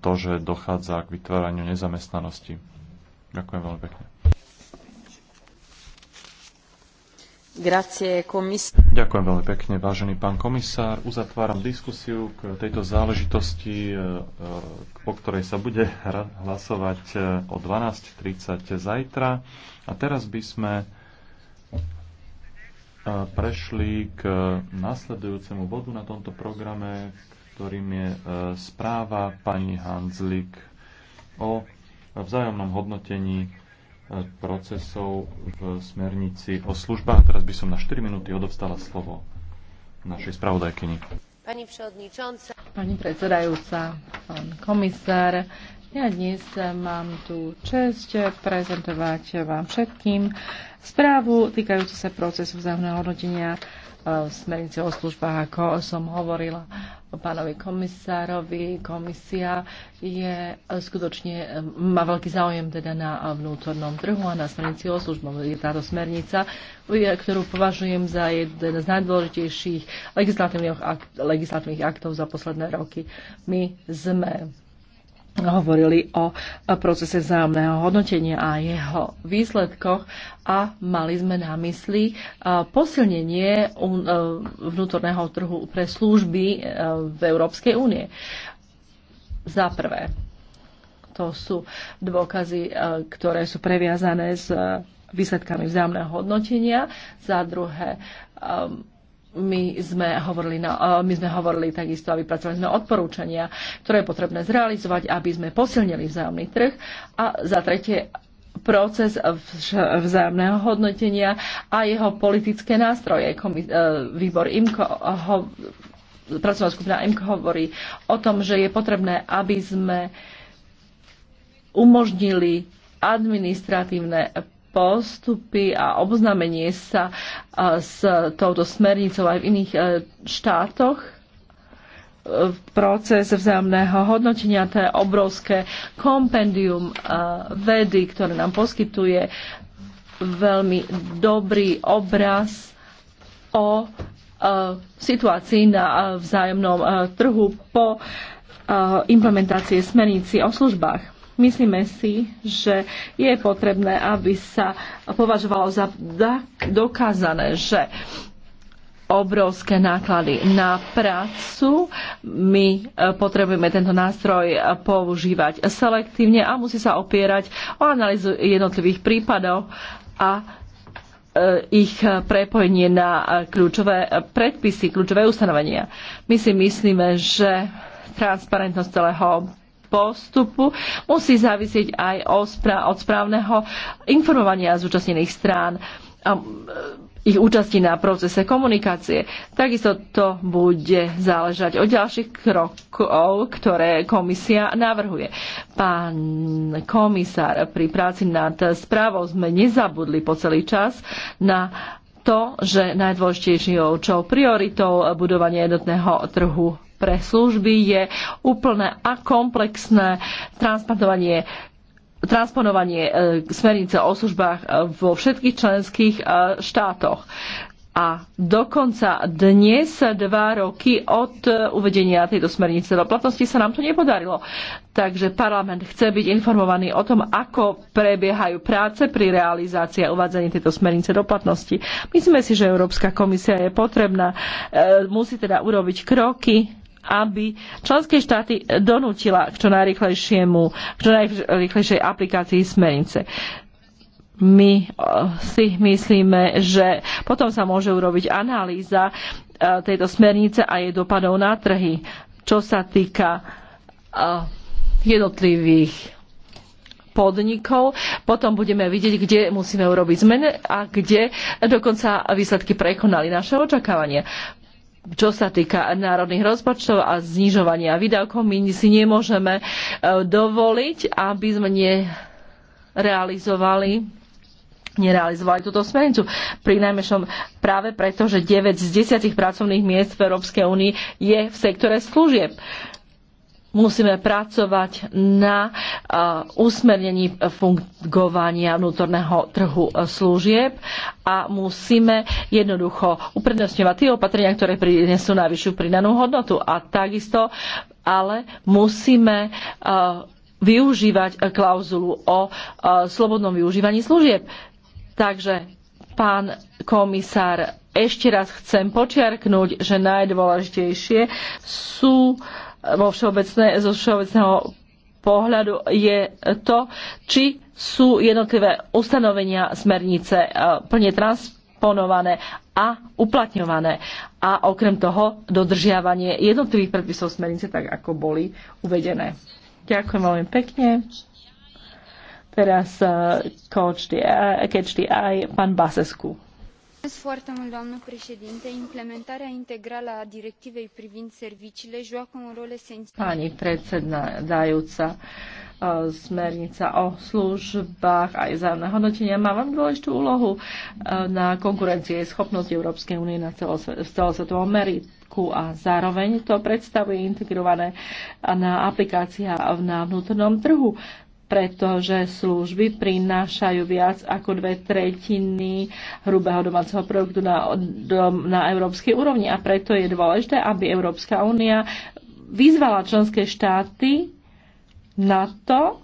to, že dochádza k vytváraniu nezamestnanosti. Ďakujem veľmi pekne. Grazie, Ďakujem veľmi pekne, vážený pán komisár. Uzatváram diskusiu k tejto záležitosti, e, e, po ktorej sa bude hlasovať e, o 12.30 zajtra. A teraz by sme prešli k nasledujúcemu bodu na tomto programe, k ktorým je e, správa pani Hanzlik o vzájomnom hodnotení e, procesov v smernici o službách. Teraz by som na 4 minúty odovstala slovo našej spravodajkyni. Pani predsedajúca, Pani predsedajúca, pán komisár, ja dnes mám tu čest prezentovať vám všetkým správu týkajúcu sa procesu vzájomného hodnotenia e, smernice o službách, ako som hovorila pánovi komisárovi. Komisia je e, skutočne, e, má veľký záujem teda na e, vnútornom trhu a na smernici o službom. Je táto smernica, ktorú považujem za jeden z najdôležitejších legislatívnych, aktov za posledné roky. My sme hovorili o procese vzájomného hodnotenia a jeho výsledkoch a mali sme na mysli e, posilnenie e, vnútorného trhu pre služby e, v Európskej únie. Za prvé, to sú dôkazy, ktoré sú previazané s výsledkami vzájomného hodnotenia. Za druhé, my sme hovorili, na, e, my sme hovorili takisto a vypracovali sme odporúčania, ktoré je potrebné zrealizovať, aby sme posilnili vzájomný trh. A za tretie, proces vzájomného hodnotenia a jeho politické nástroje. E, výbor IMCO ho, pracovná skupina IMCO hovorí o tom, že je potrebné, aby sme umožnili administratívne postupy a obznamenie sa s touto smernicou aj v iných e, štátoch? E, proces vzájomného hodnotenia, to je obrovské kompendium e, vedy, ktoré nám poskytuje veľmi dobrý obraz o situácii na vzájomnom trhu po implementácie smernici o službách. Myslíme si, že je potrebné, aby sa považovalo za dokázané, že obrovské náklady na prácu. My e, potrebujeme tento nástroj e, používať selektívne a musí sa opierať o analýzu jednotlivých prípadov a e, ich prepojenie na kľúčové predpisy, kľúčové ustanovenia. My si myslíme, že transparentnosť celého postupu musí závisieť aj od správneho informovania zúčastnených strán a ich účasti na procese komunikácie. Takisto to bude záležať od ďalších krokov, ktoré komisia navrhuje. Pán komisár, pri práci nad správou sme nezabudli po celý čas na to, že najdôležitejšou prioritou budovania jednotného trhu pre služby je úplné a komplexné transplantovanie transponovanie e, smernice o službách e, vo všetkých členských e, štátoch. A dokonca dnes, dva roky od e, uvedenia tejto smernice do platnosti, sa nám to nepodarilo. Takže parlament chce byť informovaný o tom, ako prebiehajú práce pri realizácii a uvádzaní tejto smernice do platnosti. Myslíme si, že Európska komisia je potrebná, e, musí teda urobiť kroky aby členské štáty donútila k čo najrychlejšiemu, k čo najrychlejšej aplikácii smernice. My eh, si myslíme, že potom sa môže urobiť analýza eh, tejto smernice a jej dopadov na trhy, čo sa týka eh, jednotlivých podnikov. Potom budeme vidieť, kde musíme urobiť zmeny a kde dokonca výsledky prekonali naše očakávania čo sa týka národných rozpočtov a znižovania výdavkov, my si nemôžeme e, dovoliť, aby sme nerealizovali nerealizovali túto smernicu. Pri najmäšom práve preto, že 9 z 10 pracovných miest v Európskej únii je v sektore služieb musíme pracovať na eh, usmernení fungovania vnútorného trhu eh, služieb a musíme jednoducho uprednostňovať tie opatrenia, ktoré prinesú najvyššiu pridanú hodnotu. A takisto ale musíme eh, využívať klauzulu o slobodnom využívaní služieb. Takže, pán komisár, ešte raz chcem počiarknúť, že najdôležitejšie sú uh, vo všeobecné, zo všeobecného pohľadu je to, či sú jednotlivé ustanovenia smernice e, plne transponované a uplatňované. A okrem toho dodržiavanie jednotlivých predpisov smernice, tak ako boli uvedené. Ďakujem veľmi pekne. Teraz uh, e, coach the, uh, catch the eye, pán Basesku implementarea integrală a directivei privind serviciile joacă un rol esențial. Pani predsedajúca, e, smernica o službách aj za nahodnotenia má veľmi dôležitú úlohu e, na konkurencie schopnosť Európskej únie na celosvetovom meritku a zároveň to predstavuje integrované na aplikácia na vnútornom trhu pretože služby prinášajú viac ako dve tretiny hrubého domáceho produktu na, na európskej úrovni. A preto je dôležité, aby Európska únia vyzvala členské štáty na to,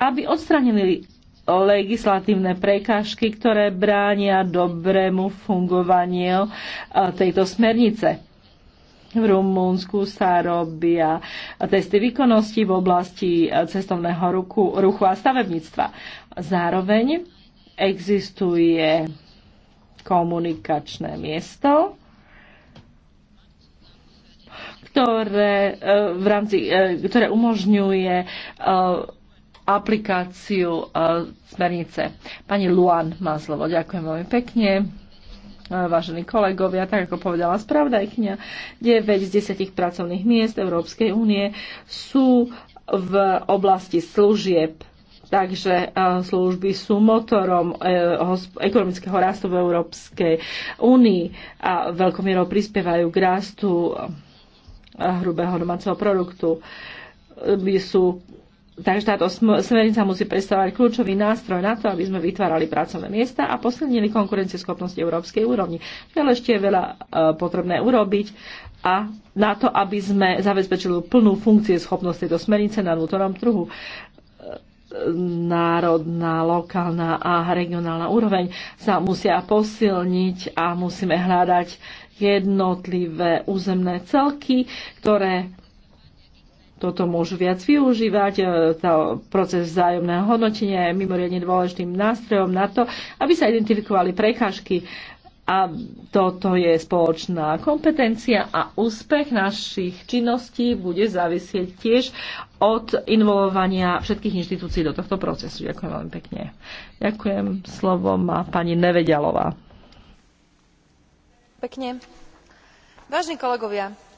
aby odstranili legislatívne prekážky, ktoré bránia dobrému fungovaniu eh, tejto smernice. V Rumúnsku sa robia testy výkonnosti v oblasti cestovného ruchu, ruchu a stavebníctva. Zároveň existuje komunikačné miesto, ktoré, eh, v rámci, eh, ktoré umožňuje eh, aplikáciu smernice. Pani Luan má slovo. Ďakujem veľmi pekne. Eh, vážení kolegovia, tak ako povedala spravdajkňa, 9 z 10 pracovných miest Európskej únie sú v oblasti služieb. Takže eh, služby sú motorom eh, ekonomického rastu v Európskej únii a veľkou mierou prispievajú k rastu hrubého domáceho produktu. Sú Takže táto smernica musí predstavovať kľúčový nástroj na to, aby sme vytvárali pracovné miesta a posilnili konkurencieschopnosť európskej úrovni. Ale ešte je veľa e, potrebné urobiť a na to, aby sme zabezpečili plnú funkcie schopnosť tejto smernice na vnútornom trhu e, národná, lokálna a regionálna úroveň sa musia posilniť a musíme hľadať jednotlivé územné celky, ktoré toto môžu viac využívať. E, tá proces vzájomného hodnotenia je mimoriadne dôležitým nástrojom na to, aby sa identifikovali prekážky a toto je spoločná kompetencia a úspech našich činností bude závisieť tiež od involovania všetkých inštitúcií do tohto procesu. Ďakujem veľmi pekne. Ďakujem. Slovo má pani Nevedialová. Pekne. Vážení kolegovia,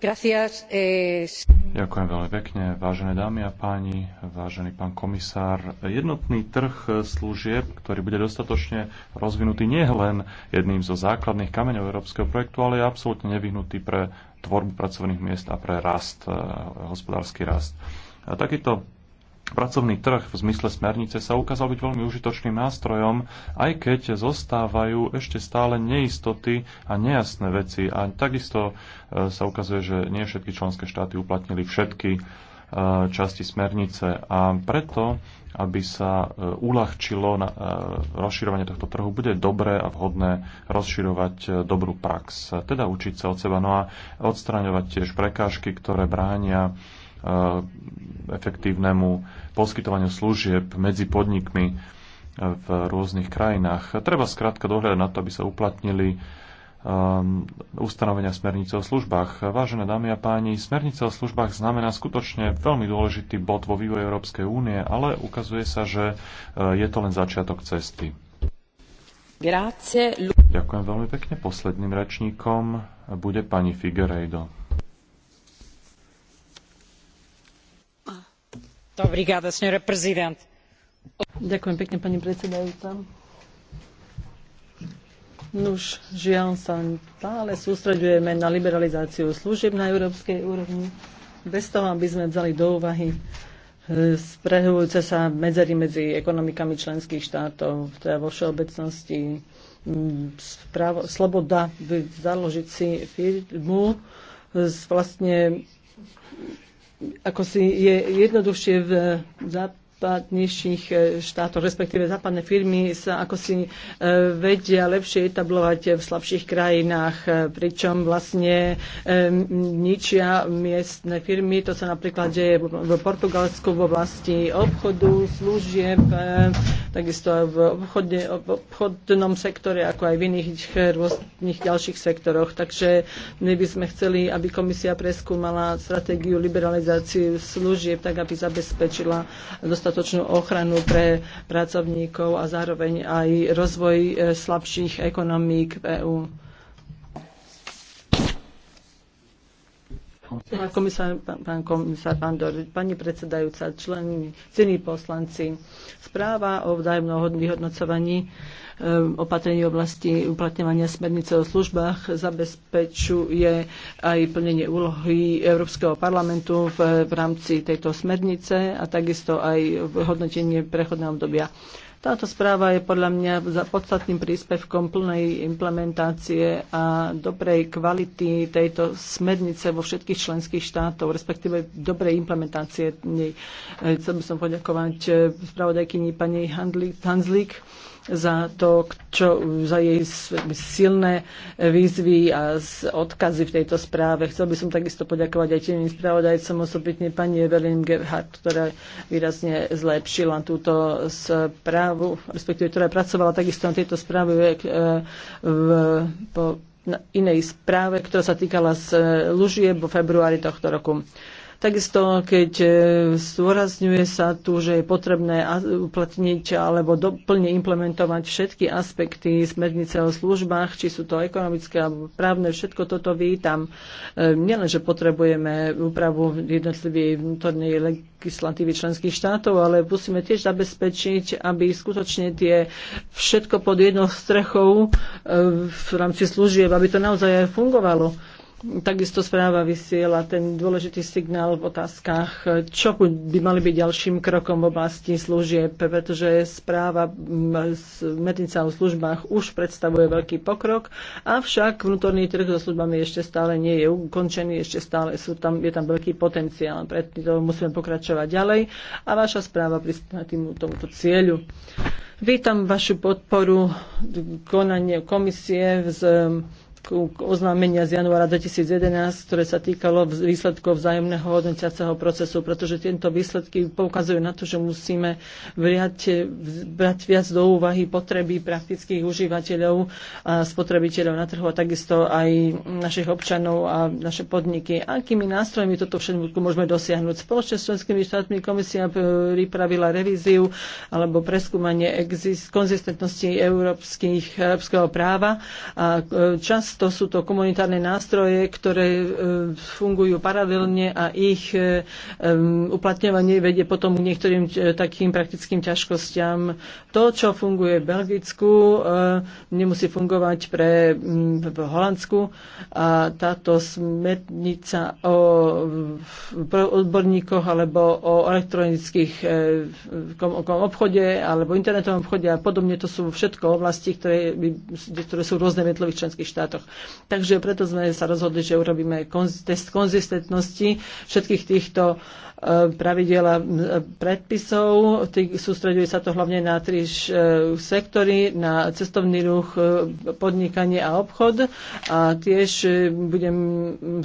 Eh, Ďakujem veľmi pekne. Vážené dámy a páni, vážený pán komisár, jednotný trh služieb, ktorý bude dostatočne rozvinutý, nie len jedným zo základných kameňov európskeho projektu, ale je absolútne nevyhnutý pre tvorbu pracovných miest a pre rast, eh, hospodársky rast. A takýto Pracovný trh v zmysle smernice sa ukázal byť veľmi užitočným nástrojom, aj keď zostávajú ešte stále neistoty a nejasné veci. A takisto e, sa ukazuje, že nie všetky členské štáty uplatnili všetky e, časti smernice. A preto, aby sa e, uľahčilo na rozširovanie tohto trhu, bude dobré a vhodné rozširovať dobrú prax, teda učiť sa od seba, no a odstraňovať tiež prekážky, ktoré bránia Eh, efektívnemu poskytovaniu služieb medzi podnikmi eh, v rôznych krajinách. Treba skrátka dohľadať na to, aby sa uplatnili eh, ustanovenia smernice o službách. Vážené dámy a páni, smernica o službách znamená skutočne veľmi dôležitý bod vo vývoji Európskej únie, ale ukazuje sa, že je to len začiatok cesty. Grazie. Ďakujem veľmi pekne. Posledným rečníkom bude pani Figueiredo. Ďakujem pekne, pani Nuž, žiaľ sa stále sústreďujeme na liberalizáciu služieb na európskej úrovni, bez toho, aby sme vzali do úvahy e, sprehujúce sa medzery medzi ekonomikami členských štátov, teda vo všeobecnosti právo, sloboda založiť si firmu vlastne ako si je jednoduchšie v, za, západnejších e, štátov, respektíve západné firmy sa ako si e, vedia lepšie etablovať v slabších krajinách, e, pričom vlastne ničia miestne firmy. To sa napríklad deje v Portugalsku v oblasti obchodu, služieb, takisto v, obchodne, v obchodnom sektore, ako aj v iných rôznych ďalších sektoroch. Takže my by sme chceli, aby komisia preskúmala stratégiu liberalizácie služieb, tak aby zabezpečila dostatočnú dostatočnú ochranu pre pracovníkov a zároveň aj rozvoj e, slabších ekonomík v EÚ. Pán komisár, pán, pán komisár Pandor, pani predsedajúca, členi, cení poslanci, správa o vzájomnom vyhodnocovaní e, opatrení oblasti uplatňovania smernice o službách zabezpečuje aj plnenie úlohy Európskeho parlamentu v, v rámci tejto smernice a takisto aj hodnotenie prechodného obdobia. Táto správa je podľa mňa za podstatným príspevkom plnej implementácie a dobrej kvality tejto smernice vo všetkých členských štátov, respektíve dobrej implementácie nej. Chcel by som poďakovať spravodajkyni pani Hanslík za to, čo, za jej silné výzvy a odkazy v tejto správe. Chcel by som takisto poďakovať aj tým spravodajcom, osobitne pani Evelyn Gebhardt, ktorá výrazne zlepšila túto správu, respektíve ktorá pracovala takisto na tejto správe eh, v, po, na inej správe, ktorá sa týkala z eh, lužie vo februári tohto roku. Takisto, keď e, zdôrazňuje sa tu, že je potrebné uplatniť alebo doplne implementovať všetky aspekty smernice o službách, či sú to ekonomické alebo právne, všetko toto vítam. E, Nielen, že potrebujeme úpravu jednotlivej vnútornej legislatívy členských štátov, ale musíme tiež zabezpečiť, aby skutočne tie všetko pod jednou strechou e, v rámci služieb, aby to naozaj aj fungovalo Takisto správa vysiela ten dôležitý signál v otázkach, čo by mali byť ďalším krokom v oblasti služieb, pretože správa Metnica o službách už predstavuje veľký pokrok, avšak vnútorný trh so službami ešte stále nie je ukončený, ešte stále sú tam, je tam veľký potenciál, preto musíme pokračovať ďalej a vaša správa prispieva tomuto cieľu. Vítam vašu podporu konanie komisie z oznámenia z januára 2011, ktoré sa týkalo výsledkov vzájomného hodnotiaceho procesu, pretože tieto výsledky poukazujú na to, že musíme vriať, brať viac do úvahy potreby praktických užívateľov a spotrebiteľov na trhu a takisto aj našich občanov a naše podniky. Akými nástrojmi toto všetko môžeme dosiahnuť? Spoločne s členskými štátmi komisia pripravila revíziu alebo preskúmanie konzistentnosti európskych, európskeho práva a e, čas Často sú to komunitárne nástroje, ktoré e, fungujú paralelne a ich e, e, uplatňovanie vedie potom k niektorým takým praktickým ťažkostiam. To, čo funguje v Belgicku, nemusí fungovať pre v Holandsku a táto smernica o odborníkoch alebo o elektronických obchode alebo internetovom obchode a podobne, to sú všetko oblasti, ktoré, ktoré sú rôzne v jednotlivých členských štátoch štátoch. Takže preto sme sa rozhodli, že urobíme test konzistentnosti všetkých týchto e, pravidel a predpisov. Sústreduje sa to hlavne na tri e, sektory, na cestovný ruch, e, podnikanie a obchod. A tiež budem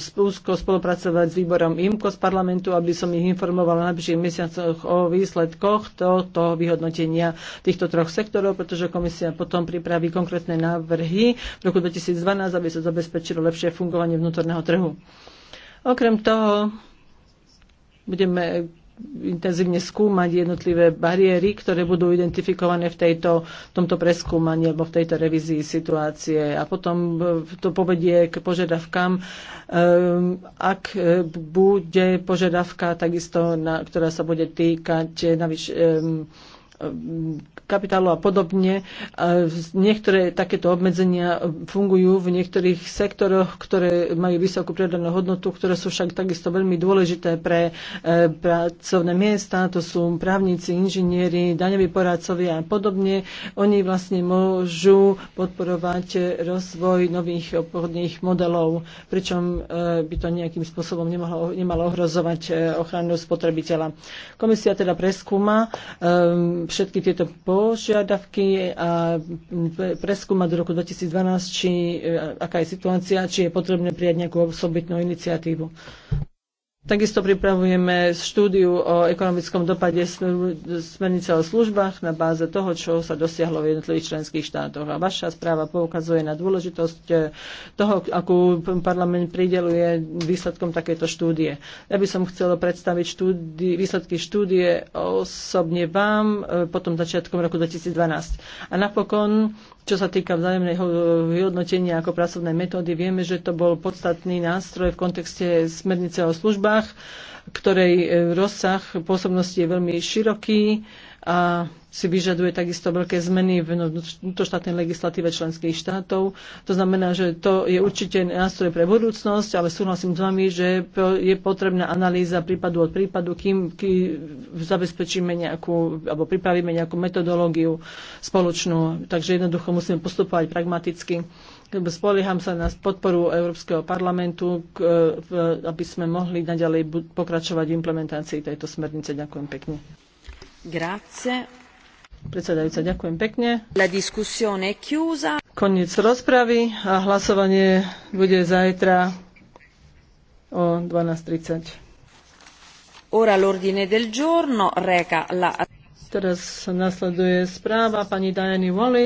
spúsko spolupracovať s výborom IMKO z parlamentu, aby som ich informoval na najbližších mesiacoch o výsledkoch tohto vyhodnotenia týchto troch sektorov, pretože komisia potom pripraví konkrétne návrhy v roku 2012 aby sa zabezpečilo lepšie fungovanie vnútorného trhu. Okrem toho budeme intenzívne skúmať jednotlivé bariéry, ktoré budú identifikované v tejto, v tomto preskúmaní alebo v tejto revízii situácie. A potom eh, to povedie k požiadavkám, eh, ak eh, bude požiadavka takisto, na, ktorá sa bude týkať navyš, kapitálu a podobne. E, niektoré takéto obmedzenia fungujú v niektorých sektoroch, ktoré majú vysokú pridanú hodnotu, ktoré sú však takisto veľmi dôležité pre e, pracovné miesta. To sú právnici, inžinieri, daňoví poradcovia a podobne. Oni vlastne môžu podporovať rozvoj nových obchodných modelov, pričom e, by to nejakým spôsobom nemalo, nemalo ohrozovať ochranu spotrebiteľa. Komisia teda preskúma um, všetky tieto požiadavky a preskúmať do roku 2012, či, e, aká je situácia, či je potrebné prijať nejakú osobitnú iniciatívu. Takisto pripravujeme štúdiu o ekonomickom dopade smernice o službách na báze toho, čo sa dosiahlo v jednotlivých členských štátoch. A vaša správa poukazuje na dôležitosť eh, toho, akú parlament prideluje výsledkom takéto štúdie. Ja by som chcela predstaviť štúdi, výsledky štúdie osobne vám eh, potom začiatkom roku 2012. A napokon čo sa týka vzájomného e, vyhodnotenia ako pracovnej metódy, vieme, že to bol podstatný nástroj v kontexte smernice o službách, ktorej e, rozsah pôsobnosti je veľmi široký a si vyžaduje takisto veľké zmeny v vnútroštátnej legislatíve členských štátov. To znamená, že to je určite nástroj pre budúcnosť, ale súhlasím s vami, že je potrebná analýza prípadu od prípadu, kým, kým zabezpečíme nejakú, alebo pripravíme nejakú metodológiu spoločnú. Takže jednoducho musíme postupovať pragmaticky. Spolieham sa na podporu Európskeho parlamentu, aby sme mohli naďalej pokračovať v implementácii tejto smernice. Ďakujem pekne. Predsedajúca, ďakujem pekne. La discussione chiusa. Koniec rozpravy a hlasovanie bude zajtra o 12.30. Ora l'ordine del giorno reca la... Teraz nasleduje správa pani Diany